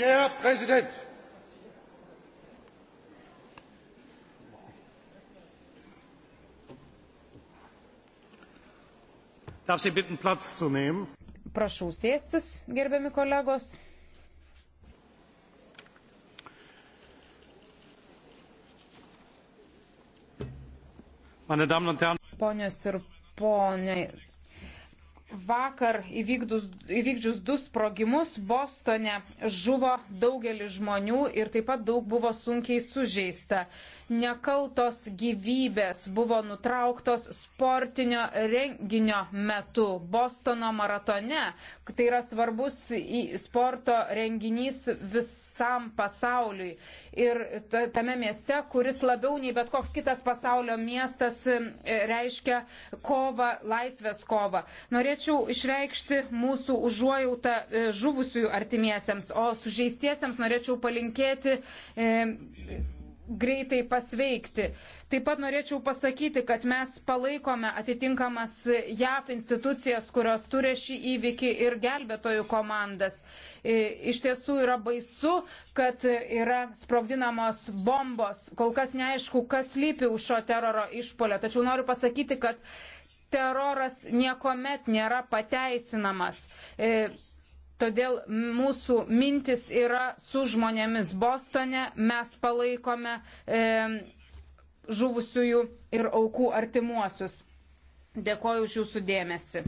Der Präsident. Darf Sie bitten, Platz zu nehmen? Prašau sėstis, gerbiami kolegos. Meine Damen und Herren. Ponios ir ponai, vakar įvykdus, įvykdžius du sprogimus Bostone žuvo daugelis žmonių ir taip pat daug buvo sunkiai sužeista. Nekaltos gyvybės buvo nutrauktos sportinio renginio metu Bostono maratone. Tai yra svarbus sporto renginys visam pasauliui. Ir tame mieste, kuris labiau nei bet koks kitas pasaulio miestas e, reiškia kovą, laisvės kovą. Norėčiau norėčiau išreikšti mūsų užuojautą e, žuvusiųjų artimiesiems, o sužeistiesiems norėčiau palinkėti e, greitai pasveikti. Taip pat norėčiau pasakyti, kad mes palaikome atitinkamas JAF institucijas, kurios turi šį įvykį ir gelbėtojų komandas. E, iš tiesų yra baisu, kad yra sprogdinamos bombos. Kol kas neaišku, kas lypi už šio teroro išpolio. Tačiau noriu pasakyti, kad teroras niekuomet nėra pateisinamas. E, Todėl mūsų mintis yra su žmonėmis Bostone, mes palaikome e, žuvusiųjų ir aukų artimuosius. Dėkoju už jūsų dėmesį.